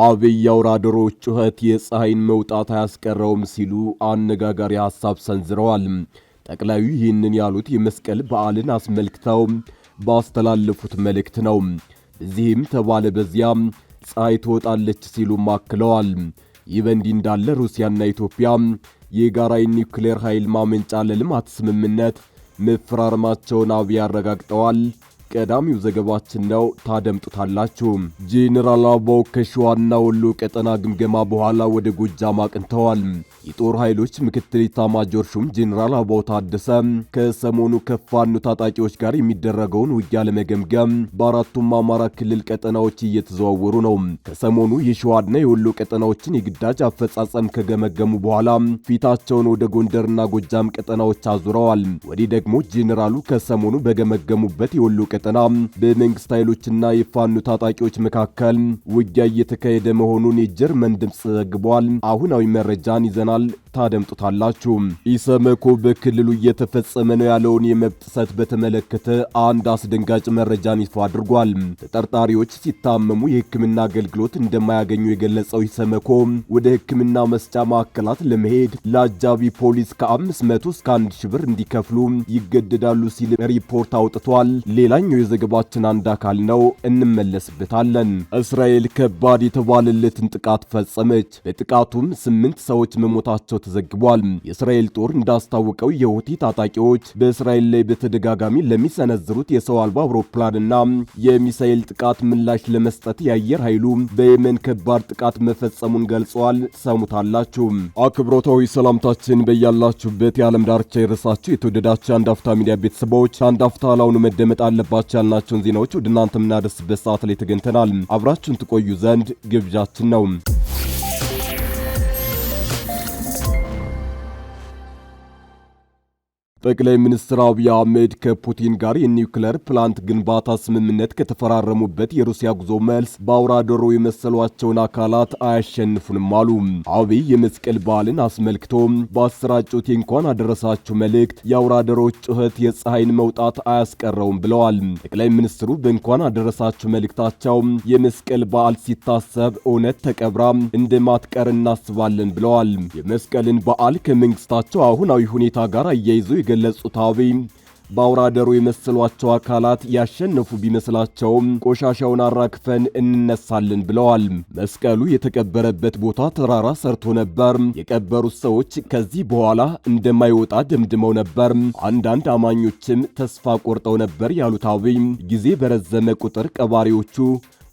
አብይ የአውራ ዶሮዎች ጩኸት የፀሐይን መውጣት አያስቀረውም ሲሉ አነጋጋሪ ሐሳብ ሰንዝረዋል። ጠቅላዩ ይህንን ያሉት የመስቀል በዓልን አስመልክተው ባስተላለፉት መልእክት ነው። እዚህም ተባለ በዚያ ፀሐይ ትወጣለች ሲሉም አክለዋል። ይህ በእንዲህ እንዳለ ሩሲያና ኢትዮጵያ የጋራ የኒውክሌር ኃይል ማመንጫ ለልማት ስምምነት መፈራረማቸውን አብይ አረጋግጠዋል። ቀዳሚው ዘገባችን ነው፣ ታደምጡታላችሁ። ጄኔራል አበባው ከሸዋና ወሎ ቀጠና ግምገማ በኋላ ወደ ጎጃም አቅንተዋል። የጦር ኃይሎች ምክትል ኢታማጆር ሹም ጄኔራል አበባው ታደሰ ከሰሞኑ ከፋኖ ታጣቂዎች ጋር የሚደረገውን ውጊያ ለመገምገም በአራቱም አማራ ክልል ቀጠናዎች እየተዘዋወሩ ነው። ከሰሞኑ የሸዋና የወሎ ቀጠናዎችን የግዳጅ አፈጻጸም ከገመገሙ በኋላ ፊታቸውን ወደ ጎንደርና ጎጃም ቀጠናዎች አዙረዋል። ወዲህ ደግሞ ጄኔራሉ ከሰሞኑ በገመገሙበት የወሎ ቀ ቀጠና በመንግስት ኃይሎችና የፋኖ ታጣቂዎች መካከል ውጊያ እየተካሄደ መሆኑን የጀርመን ድምፅ ዘግቧል። አሁናዊ መረጃን ይዘናል። ታደምጡታላችሁ። ኢሰመኮ በክልሉ እየተፈጸመ ነው ያለውን የመብት ጥሰት በተመለከተ አንድ አስደንጋጭ መረጃን ይፋ አድርጓል። ተጠርጣሪዎች ሲታመሙ የሕክምና አገልግሎት እንደማያገኙ የገለጸው ኢሰመኮ ወደ ሕክምና መስጫ ማዕከላት ለመሄድ ለአጃቢ ፖሊስ ከ500 እስከ 1 ብር እንዲከፍሉ ይገደዳሉ ሲል ሪፖርት አውጥቷል። ሌላኛው የዘገባችን አንድ አካል ነው፣ እንመለስበታለን። እስራኤል ከባድ የተባለለትን ጥቃት ፈጸመች። በጥቃቱም ስምንት ሰዎች መሞታቸው ተዘግቧል። የእስራኤል ጦር እንዳስታወቀው የሁቲ ታጣቂዎች በእስራኤል ላይ በተደጋጋሚ ለሚሰነዝሩት የሰው አልባ አውሮፕላንና የሚሳኤል ጥቃት ምላሽ ለመስጠት የአየር ኃይሉ በየመን ከባድ ጥቃት መፈጸሙን ገልጸዋል። ሰሙታላችሁ። አክብሮታዊ ሰላምታችን በያላችሁበት የዓለም ዳርቻ የረሳችሁ የተወደዳችሁ የአንዳፍታ ሚዲያ ቤተሰቦች አንዳፍታ ላውኑ ላሁኑ መደመጥ አለባቸው ያልናቸውን ዜናዎች ወደ እናንተ የምናደርስበት ሰዓት ላይ ተገኝተናል። አብራችሁን ትቆዩ ዘንድ ግብዣችን ነው። ጠቅላይ ሚኒስትር አብይ አህመድ ከፑቲን ጋር የኒውክለር ፕላንት ግንባታ ስምምነት ከተፈራረሙበት የሩሲያ ጉዞ መልስ በአውራ ዶሮ የመሰሏቸውን አካላት አያሸንፉንም አሉ። አብይ የመስቀል በዓልን አስመልክቶ በአሰራጩት የእንኳን አደረሳችሁ መልእክት የአውራ ዶሮዎች ጩኸት የፀሐይን መውጣት አያስቀረውም ብለዋል። ጠቅላይ ሚኒስትሩ በእንኳን አደረሳችሁ መልእክታቸው የመስቀል በዓል ሲታሰብ እውነት ተቀብራ እንደማትቀር እናስባለን ብለዋል። የመስቀልን በዓል ከመንግስታቸው አሁናዊ ሁኔታ ጋር አያይዘው የገለጹት አብይ በአውራደሩ የመሰሏቸው አካላት ያሸነፉ ቢመስላቸውም ቆሻሻውን አራክፈን እንነሳለን ብለዋል። መስቀሉ የተቀበረበት ቦታ ተራራ ሰርቶ ነበር። የቀበሩት ሰዎች ከዚህ በኋላ እንደማይወጣ ደምድመው ነበር። አንዳንድ አማኞችም ተስፋ ቆርጠው ነበር ያሉት አብይ ጊዜ በረዘመ ቁጥር ቀባሪዎቹ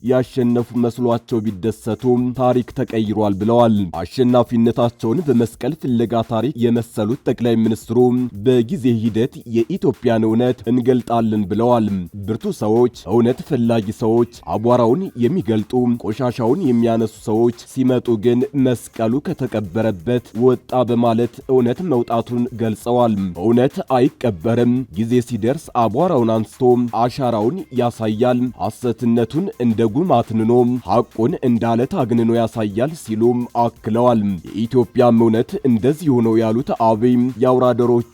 ያሸነፉ መስሏቸው ቢደሰቱ ታሪክ ተቀይሯል ብለዋል። አሸናፊነታቸውን በመስቀል ፍለጋ ታሪክ የመሰሉት ጠቅላይ ሚኒስትሩ በጊዜ ሂደት የኢትዮጵያን እውነት እንገልጣለን ብለዋል። ብርቱ ሰዎች፣ እውነት ፈላጊ ሰዎች፣ አቧራውን የሚገልጡ ቆሻሻውን የሚያነሱ ሰዎች ሲመጡ ግን መስቀሉ ከተቀበረበት ወጣ በማለት እውነት መውጣቱን ገልጸዋል። እውነት አይቀበርም፣ ጊዜ ሲደርስ አቧራውን አንስቶ አሻራውን ያሳያል። ሐሰትነቱን እንደ ማድረጉም አትንኖ ሐቁን እንዳለት አግንኖ ያሳያል ሲሉም አክለዋል። የኢትዮጵያም እውነት እንደዚህ ሆነው ያሉት አብይ የአውራ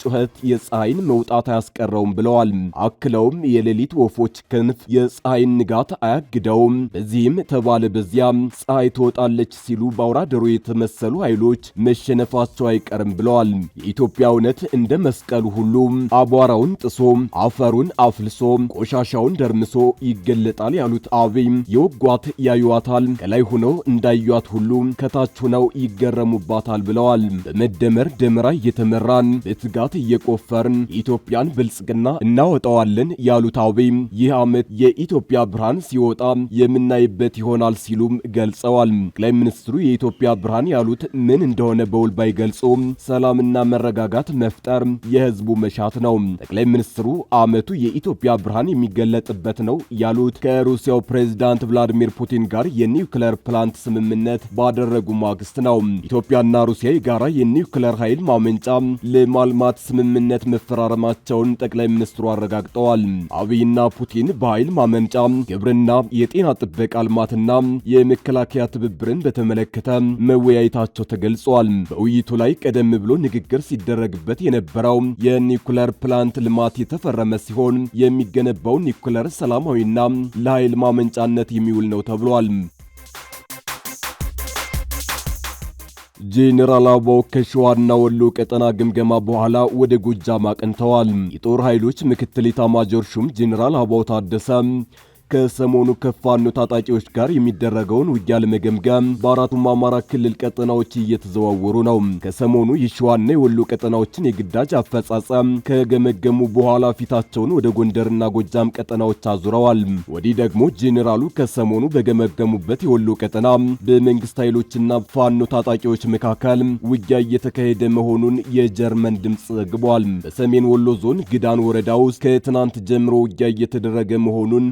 ጩኸት የፀሐይን መውጣት አያስቀረውም ብለዋል። አክለውም የሌሊት ወፎች ክንፍ የፀሐይን ንጋት አያግደውም፣ በዚህም ተባለ በዚያም ፀሐይ ትወጣለች ሲሉ በአውራደሮ የተመሰሉ ኃይሎች መሸነፋቸው አይቀርም ብለዋል። የኢትዮጵያ እውነት እንደ መስቀሉ ሁሉ አቧራውን ጥሶ አፈሩን አፍልሶ ቆሻሻውን ደርምሶ ይገለጣል ያሉት አብይ የወጓት ያዩዋታል፣ ከላይ ሆነው እንዳዩዋት ሁሉ ከታች ሆነው ይገረሙባታል ብለዋል። በመደመር ደመራ እየተመራን በትጋት እየቆፈርን የኢትዮጵያን ብልጽግና እናወጣዋለን ያሉት አብይ ይህ ዓመት የኢትዮጵያ ብርሃን ሲወጣ የምናይበት ይሆናል ሲሉም ገልጸዋል። ጠቅላይ ሚኒስትሩ የኢትዮጵያ ብርሃን ያሉት ምን እንደሆነ በውል ባይገልጹ ሰላምና መረጋጋት መፍጠር የህዝቡ መሻት ነው። ጠቅላይ ሚኒስትሩ ዓመቱ የኢትዮጵያ ብርሃን የሚገለጥበት ነው ያሉት ከሩሲያው ፕሬዝዳንት ፕሬዚዳንት ቭላዲሚር ፑቲን ጋር የኒውክለር ፕላንት ስምምነት ባደረጉ ማግስት ነው። ኢትዮጵያና ሩሲያ የጋራ የኒውክለር ኃይል ማመንጫ ለማልማት ስምምነት መፈራረማቸውን ጠቅላይ ሚኒስትሩ አረጋግጠዋል። አብይና ፑቲን በኃይል ማመንጫ፣ ግብርና፣ የጤና ጥበቃ ልማትና የመከላከያ ትብብርን በተመለከተ መወያየታቸው ተገልጿል። በውይይቱ ላይ ቀደም ብሎ ንግግር ሲደረግበት የነበረው የኒውክለር ፕላንት ልማት የተፈረመ ሲሆን የሚገነባው ኒውክለር ሰላማዊና ለኃይል ማመንጫነት ለማገዶነት የሚውል ነው ተብሏል። ጄኔራል አበባው ከሸዋና ወሎ ቀጠና ግምገማ በኋላ ወደ ጎጃም አቅንተዋል። የጦር ኃይሎች ምክትል ኢታማጆር ሹም ጄኔራል አበባው ታደሰ ከሰሞኑ ከፋኖ ታጣቂዎች ጋር የሚደረገውን ውጊያ ለመገምገም በአራቱም አማራ ክልል ቀጠናዎች እየተዘዋወሩ ነው። ከሰሞኑ የሸዋና የወሎ ቀጠናዎችን የግዳጅ አፈጻጸም ከገመገሙ በኋላ ፊታቸውን ወደ ጎንደርና ጎጃም ቀጠናዎች አዙረዋል። ወዲህ ደግሞ ጄኔራሉ ከሰሞኑ በገመገሙበት የወሎ ቀጠና በመንግስት ኃይሎችና ፋኖ ታጣቂዎች መካከል ውጊያ እየተካሄደ መሆኑን የጀርመን ድምፅ ዘግቧል። በሰሜን ወሎ ዞን ግዳን ወረዳ ውስጥ ከትናንት ጀምሮ ውጊያ እየተደረገ መሆኑን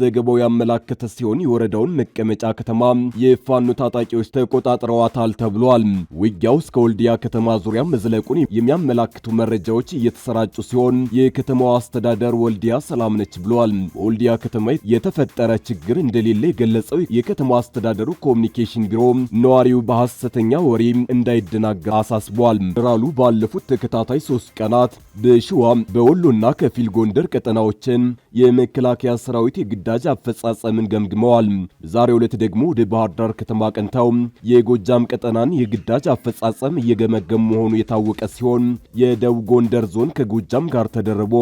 ዘገባው ያመላከተ ሲሆን የወረዳውን መቀመጫ ከተማ የፋኖ ታጣቂዎች ተቆጣጥረዋታል ተብሏል። ውጊያው እስከ ወልዲያ ከተማ ዙሪያ መዝለቁን የሚያመላክቱ መረጃዎች እየተሰራጩ ሲሆን የከተማዋ አስተዳደር ወልዲያ ሰላም ነች ብሏል። በወልዲያ ከተማ የተፈጠረ ችግር እንደሌለ የገለጸው የከተማ አስተዳደሩ ኮሚኒኬሽን ቢሮ ነዋሪው በሐሰተኛ ወሬ እንዳይደናገር አሳስቧል። ራሉ ባለፉት ተከታታይ ሶስት ቀናት በሽዋ በወሎና ከፊል ጎንደር ቀጠናዎችን የመከላከያ ሰራዊት የግዳጅ አፈጻጸምን ገምግመዋል። በዛሬው ዕለት ደግሞ ወደ ባህር ዳር ከተማ አቅንተው የጎጃም ቀጠናን የግዳጅ አፈጻጸም እየገመገሙ መሆኑ የታወቀ ሲሆን የደቡብ ጎንደር ዞን ከጎጃም ጋር ተደርቦ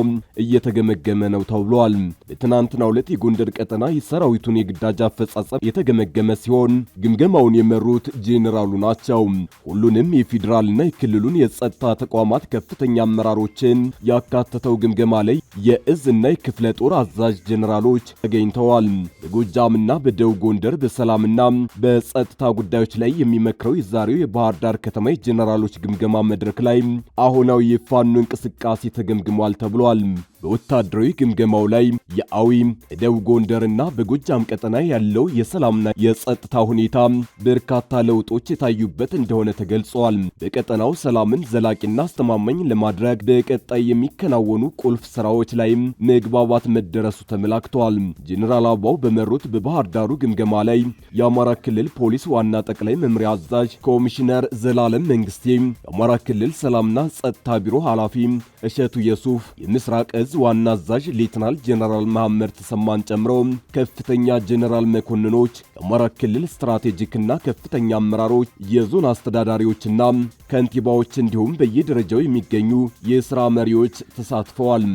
እየተገመገመ ነው ተብሏል። በትናንትናው ዕለት የጎንደር ቀጠና የሰራዊቱን የግዳጅ አፈጻጸም የተገመገመ ሲሆን ግምገማውን የመሩት ጄኔራሉ ናቸው። ሁሉንም የፌዴራልና የክልሉን የጸጥታ ተቋማት ከፍተኛ አመራሮችን ያካተተው ግምገማ ላይ የእዝ እና የክፍለ ጦር አዛዥ ጄኔራሎች ተገኝተዋል። በጎጃምና በደቡብ ጎንደር በሰላምና በጸጥታ ጉዳዮች ላይ የሚመክረው የዛሬው የባህር ዳር ከተማ የጀኔራሎች ግምገማ መድረክ ላይ አሁናዊ የፋኖ እንቅስቃሴ ተገምግሟል ተብሏል። በወታደራዊ ግምገማው ላይ የአዊ ደቡብ ጎንደርና በጎጃም ቀጠና ያለው የሰላምና የጸጥታ ሁኔታ በርካታ ለውጦች የታዩበት እንደሆነ ተገልጿል። በቀጠናው ሰላምን ዘላቂና አስተማማኝ ለማድረግ በቀጣይ የሚከናወኑ ቁልፍ ስራዎች ላይም መግባባት መደረሱ ተመላክተዋል። ጄኔራል አበባው በመሩት በባህር ዳሩ ግምገማ ላይ የአማራ ክልል ፖሊስ ዋና ጠቅላይ መምሪያ አዛዥ ኮሚሽነር ዘላለም መንግስቴ፣ የአማራ ክልል ሰላምና ጸጥታ ቢሮ ኃላፊ እሸቱ የሱፍ፣ የምስራቅ እዝ እዝ ዋና አዛዥ ሌትናል ጀነራል መሐመድ ተሰማን ጨምሮ ከፍተኛ ጀነራል መኮንኖች የአማራ ክልል ስትራቴጂክና ከፍተኛ አመራሮች፣ የዞን አስተዳዳሪዎችና ከንቲባዎች እንዲሁም በየደረጃው የሚገኙ የስራ መሪዎች ተሳትፈዋል።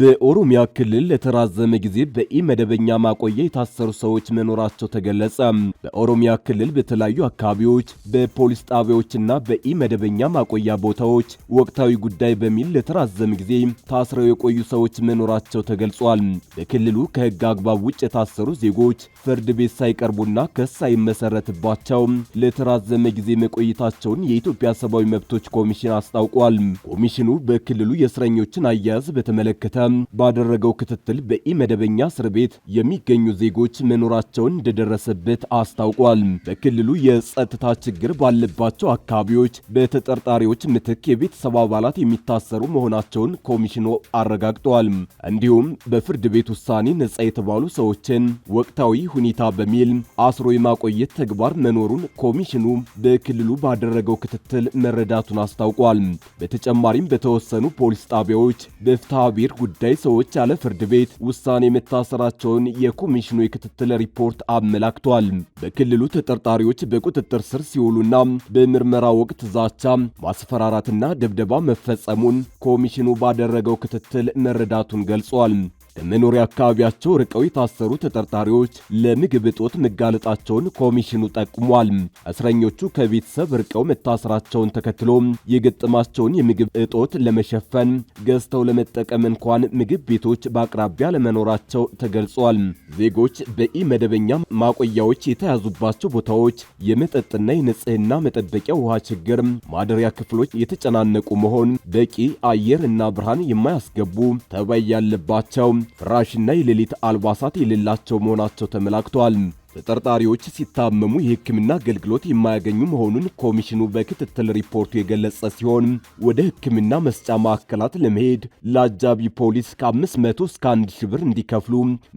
በኦሮሚያ ክልል ለተራዘመ ጊዜ በኢመደበኛ ማቆያ የታሰሩ ሰዎች መኖራቸው ተገለጸ። በኦሮሚያ ክልል በተለያዩ አካባቢዎች በፖሊስ ጣቢያዎችና በኢመደበኛ ማቆያ ቦታዎች ወቅታዊ ጉዳይ በሚል ለተራዘመ ጊዜ ታስረው የቆዩ ሰዎች መኖራቸው ተገልጿል። በክልሉ ከህግ አግባብ ውጭ የታሰሩ ዜጎች ፍርድ ቤት ሳይቀርቡና ክስ ሳይመሰረትባቸው ለተራዘመ ጊዜ መቆየታቸውን የኢትዮጵያ ሰብአዊ መብቶች ኮሚሽን አስታውቋል። ኮሚሽኑ በክልሉ የእስረኞችን አያያዝ በተመለከተ ባደረገው ክትትል በኢመደበኛ እስር ቤት የሚገኙ ዜጎች መኖራቸውን እንደደረሰበት አስታውቋል። በክልሉ የጸጥታ ችግር ባለባቸው አካባቢዎች በተጠርጣሪዎች ምትክ የቤተሰብ አባላት የሚታሰሩ መሆናቸውን ኮሚሽኑ አረጋግጧል። እንዲሁም በፍርድ ቤት ውሳኔ ነጻ የተባሉ ሰዎችን ወቅታዊ ሁኔታ በሚል አስሮ የማቆየት ተግባር መኖሩን ኮሚሽኑ በክልሉ ባደረገው ክትትል መረዳቱን አስታውቋል። በተጨማሪም በተወሰኑ ፖሊስ ጣቢያዎች በፍትሐ ብሔር ጉዳይ ሰዎች ያለ ፍርድ ቤት ውሳኔ መታሰራቸውን የኮሚሽኑ የክትትል ሪፖርት አመላክቷል። በክልሉ ተጠርጣሪዎች በቁጥጥር ስር ሲውሉና በምርመራ ወቅት ዛቻ፣ ማስፈራራትና ድብደባ መፈጸሙን ኮሚሽኑ ባደረገው ክትትል መረዳቱን ገልጿል። ከመኖሪያ አካባቢያቸው ርቀው የታሰሩ ተጠርጣሪዎች ለምግብ እጦት መጋለጣቸውን ኮሚሽኑ ጠቁሟል። እስረኞቹ ከቤተሰብ ርቀው መታሰራቸውን ተከትሎ የገጠማቸውን የምግብ እጦት ለመሸፈን ገዝተው ለመጠቀም እንኳን ምግብ ቤቶች በአቅራቢያ ለመኖራቸው ተገልጿል። ዜጎች በኢ መደበኛ ማቆያዎች የተያዙባቸው ቦታዎች የመጠጥና የንጽህና መጠበቂያ ውሃ ችግር፣ ማደሪያ ክፍሎች የተጨናነቁ መሆን፣ በቂ አየር እና ብርሃን የማያስገቡ ተባይ ያለባቸው ፍራሽና የሌሊት አልባሳት የሌላቸው መሆናቸው ተመላክቷል። ተጠርጣሪዎች ሲታመሙ የሕክምና አገልግሎት የማያገኙ መሆኑን ኮሚሽኑ በክትትል ሪፖርቱ የገለጸ ሲሆን ወደ ሕክምና መስጫ ማዕከላት ለመሄድ ለአጃቢ ፖሊስ ከ500 እስከ 1 ሺህ ብር እንዲከፍሉ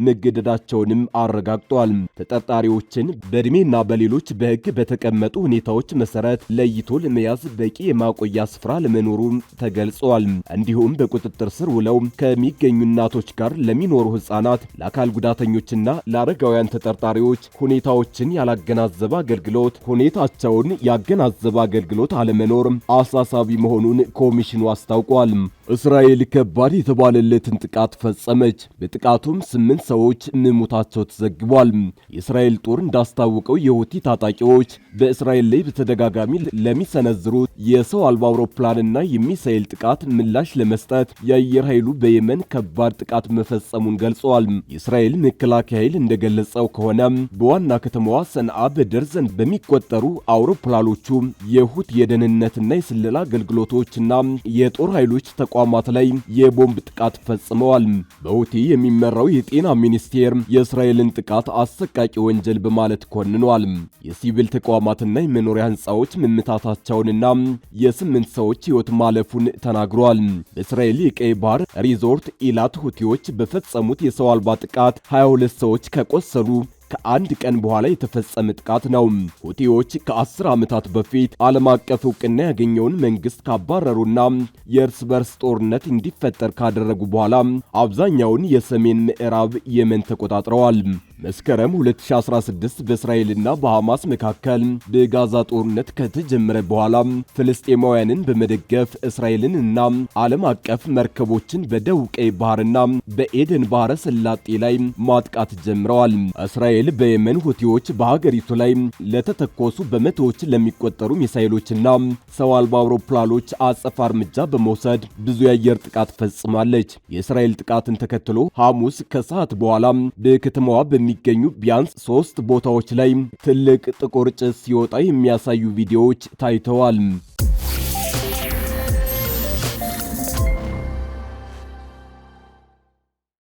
መገደዳቸውንም አረጋግጧል። ተጠርጣሪዎችን በእድሜና በሌሎች በሕግ በተቀመጡ ሁኔታዎች መሰረት ለይቶ ለመያዝ በቂ የማቆያ ስፍራ ለመኖሩ ተገልጿል። እንዲሁም በቁጥጥር ስር ውለው ከሚገኙ እናቶች ጋር ለሚኖሩ ሕፃናት፣ ለአካል ጉዳተኞችና ለአረጋውያን ተጠርጣሪዎች ሁኔታዎችን ያላገናዘበ አገልግሎት ሁኔታቸውን ያገናዘበ አገልግሎት አለመኖር አሳሳቢ መሆኑን ኮሚሽኑ አስታውቋል። እስራኤል ከባድ የተባለለትን ጥቃት ፈጸመች። በጥቃቱም ስምንት ሰዎች መሞታቸው ተዘግቧል። የእስራኤል ጦር እንዳስታወቀው የሁቲ ታጣቂዎች በእስራኤል ላይ በተደጋጋሚ ለሚሰነዝሩት የሰው አልባ አውሮፕላንና የሚሳኤል ጥቃት ምላሽ ለመስጠት የአየር ኃይሉ በየመን ከባድ ጥቃት መፈጸሙን ገልጸዋል። የእስራኤል መከላከያ ኃይል እንደገለጸው ከሆነ በዋና ከተማዋ ሰንዓ በደርዘን በሚቆጠሩ አውሮፕላኖቹ የሁት የደህንነትና የስለላ አገልግሎቶችና የጦር ኃይሎች ተቋማት ላይ የቦምብ ጥቃት ፈጽመዋል። በሁቲ የሚመራው የጤና ሚኒስቴር የእስራኤልን ጥቃት አሰቃቂ ወንጀል በማለት ኮንኗል። የሲቪል ተቋማትና የመኖሪያ ሕንፃዎች መመታታቸውንና የስምንት ሰዎች ሕይወት ማለፉን ተናግሯል። በእስራኤል የቀይ ባህር ሪዞርት ኢላት ሁቲዎች በፈጸሙት የሰው አልባ ጥቃት 22 ሰዎች ከቆሰሉ ከአንድ ቀን በኋላ የተፈጸመ ጥቃት ነው። ሁቲዎች ከአስር ዓመታት በፊት ዓለም አቀፍ እውቅና ያገኘውን መንግስት ካባረሩና የእርስ በርስ ጦርነት እንዲፈጠር ካደረጉ በኋላ አብዛኛውን የሰሜን ምዕራብ የመን ተቆጣጥረዋል። መስከረም 2016 በእስራኤልና በሐማስ መካከል በጋዛ ጦርነት ከተጀመረ በኋላ ፍልስጤማውያንን በመደገፍ እስራኤልን እና ዓለም አቀፍ መርከቦችን በደቡብ ቀይ ባህርና በኤደን ባህረ ሰላጤ ላይ ማጥቃት ጀምረዋል። እስራኤል በየመን ሁቲዎች በሀገሪቱ ላይ ለተተኮሱ በመቶዎች ለሚቆጠሩ ሚሳይሎችና ሰው አልባ አውሮፕላኖች አጸፋ እርምጃ በመውሰድ ብዙ የአየር ጥቃት ፈጽማለች። የእስራኤል ጥቃትን ተከትሎ ሐሙስ ከሰዓት በኋላ በከተማዋ በሚ በሚገኙ ቢያንስ ሶስት ቦታዎች ላይ ትልቅ ጥቁር ጭስ ሲወጣ የሚያሳዩ ቪዲዮዎች ታይተዋል።